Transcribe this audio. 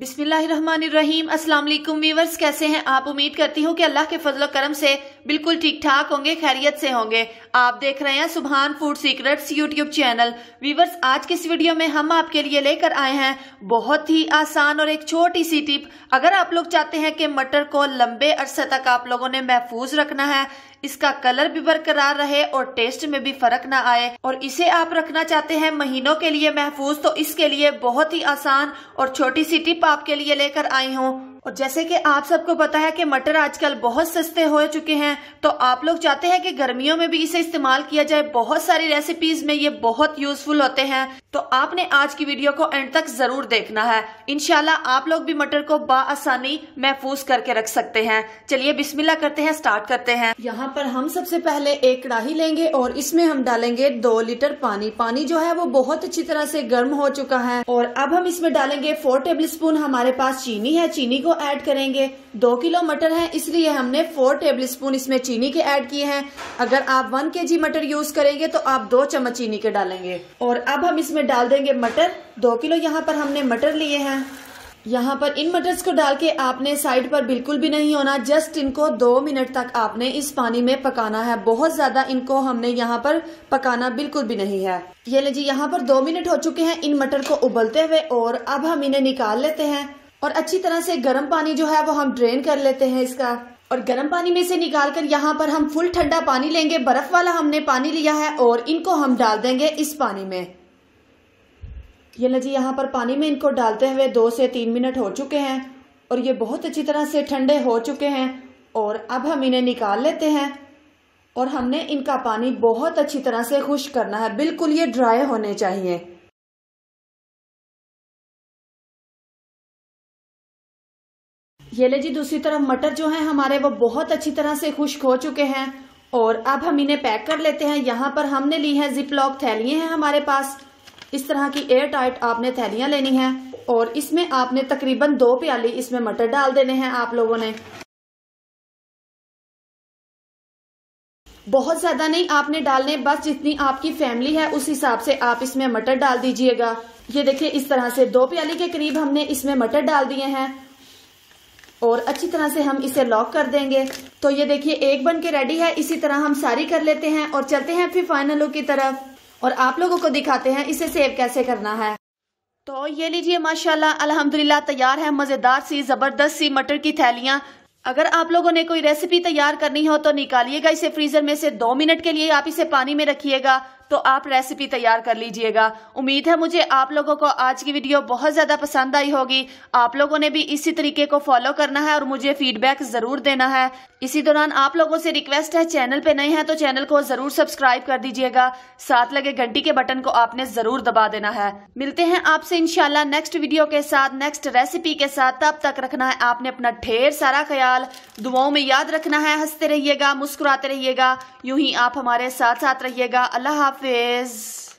बिस्मिल्लाम अस्सलाम वीवर्स कैसे हैं आप उम्मीद करती हूँ कि अल्लाह के फजल करम से बिल्कुल ठीक ठाक होंगे खैरियत से होंगे आप देख रहे हैं Subhan food secrets YouTube channel viewers आज की इस वीडियो में हम आपके लिए लेकर आए हैं बहुत ही आसान और एक छोटी सी टिप अगर आप लोग चाहते हैं कि मटर को लंबे अरसे तक आप लोगों ने महफूज रखना है इसका कलर भी बरकरार रहे और टेस्ट में भी फर्क ना आए और इसे आप रखना चाहते हैं महीनों के लिए महफूज तो इसके लिए बहुत ही आसान और छोटी सी टिप आपके लिए लेकर आई हूँ और जैसे कि आप सबको पता है कि मटर आजकल बहुत सस्ते हो चुके हैं तो आप लोग चाहते हैं कि गर्मियों में भी इसे इस्तेमाल किया जाए बहुत सारी रेसिपीज में ये बहुत यूजफुल होते हैं तो आपने आज की वीडियो को एंड तक जरूर देखना है इनशाला आप लोग भी मटर को बासानी महफूज करके रख सकते हैं चलिए बिस्मिल्ला करते हैं स्टार्ट करते हैं यहाँ पर हम सबसे पहले एक कड़ाही लेंगे और इसमें हम डालेंगे दो लीटर पानी पानी जो है वो बहुत अच्छी तरह से गर्म हो चुका है और अब हम इसमें डालेंगे फोर टेबल स्पून हमारे पास चीनी है चीनी को एड करेंगे दो किलो मटर है इसलिए हमने फोर टेबल स्पून इसमें चीनी के एड किए हैं अगर आप वन के मटर यूज करेंगे तो आप दो चम्मच चीनी के डालेंगे और अब हम इसमें इसमें डाल देंगे मटर दो किलो यहाँ पर हमने मटर लिए हैं यहाँ पर इन मटर्स को डाल के आपने साइड पर बिल्कुल भी नहीं होना जस्ट इनको दो मिनट तक आपने इस पानी में पकाना है बहुत ज्यादा इनको हमने यहाँ पर पकाना बिल्कुल भी नहीं है ये ले जी यहाँ पर दो मिनट हो चुके हैं इन मटर को उबलते हुए और अब हम इन्हें निकाल लेते हैं और अच्छी तरह से गर्म पानी जो है वो हम ड्रेन कर लेते हैं इसका और गर्म पानी में से निकाल कर यहाँ पर हम फुल ठंडा पानी लेंगे बर्फ वाला हमने पानी लिया है और इनको हम डाल देंगे इस पानी में ये ना जी यहाँ पर पानी में इनको डालते हुए दो से तीन मिनट हो चुके हैं और ये बहुत अच्छी तरह से ठंडे हो चुके हैं और अब हम इन्हें निकाल लेते हैं और हमने इनका पानी बहुत अच्छी तरह से खुश करना है बिल्कुल ये ड्राई होने चाहिए ये ले जी दूसरी तरफ मटर जो है हमारे वो बहुत अच्छी तरह से खुश्क हो चुके हैं और अब हम इन्हें पैक कर लेते हैं यहाँ पर हमने ली है जिप लॉक थैलिए हैं हमारे पास इस तरह की एयर टाइट आपने थैलियां लेनी है और इसमें आपने तकरीबन दो प्याली इसमें मटर डाल देने हैं आप लोगों ने बहुत ज़्यादा नहीं आपने डालने बस जितनी आपकी फैमिली है उस हिसाब से आप इसमें मटर डाल दीजिएगा ये देखिए इस तरह से दो प्याली के करीब हमने इसमें मटर डाल दिए हैं और अच्छी तरह से हम इसे लॉक कर देंगे तो ये देखिए एक बन के रेडी है इसी तरह हम सारी कर लेते हैं और चलते हैं फिर फाइनल लुक की तरफ और आप लोगों को दिखाते हैं इसे सेव कैसे करना है तो ये लीजिए माशाल्लाह अल्हम्दुलिल्लाह तैयार है मज़ेदार सी ज़बरदस्त सी मटर की थैलियाँ अगर आप लोगों ने कोई रेसिपी तैयार करनी हो तो निकालिएगा इसे फ्रीजर में से दो मिनट के लिए आप इसे पानी में रखिएगा तो आप रेसिपी तैयार कर लीजिएगा उम्मीद है मुझे आप लोगों को आज की वीडियो बहुत ज़्यादा पसंद आई होगी आप लोगों ने भी इसी तरीके को फॉलो करना है और मुझे फीडबैक ज़रूर देना है इसी दौरान आप लोगों से रिक्वेस्ट है चैनल पे नए हैं तो चैनल को ज़रूर सब्सक्राइब कर दीजिएगा साथ लगे घंटी के बटन को आपने ज़रूर दबा देना है मिलते हैं आपसे इनशाला नेक्स्ट वीडियो के साथ नेक्स्ट रेसिपी के साथ तब तक रखना है आपने अपना ढेर सारा ख्याल दुआओं में याद रखना है हंसते रहिएगा मुस्कुराते रहिएगा यूं ही आप हमारे साथ साथ रहिएगा अल्लाह हाफ is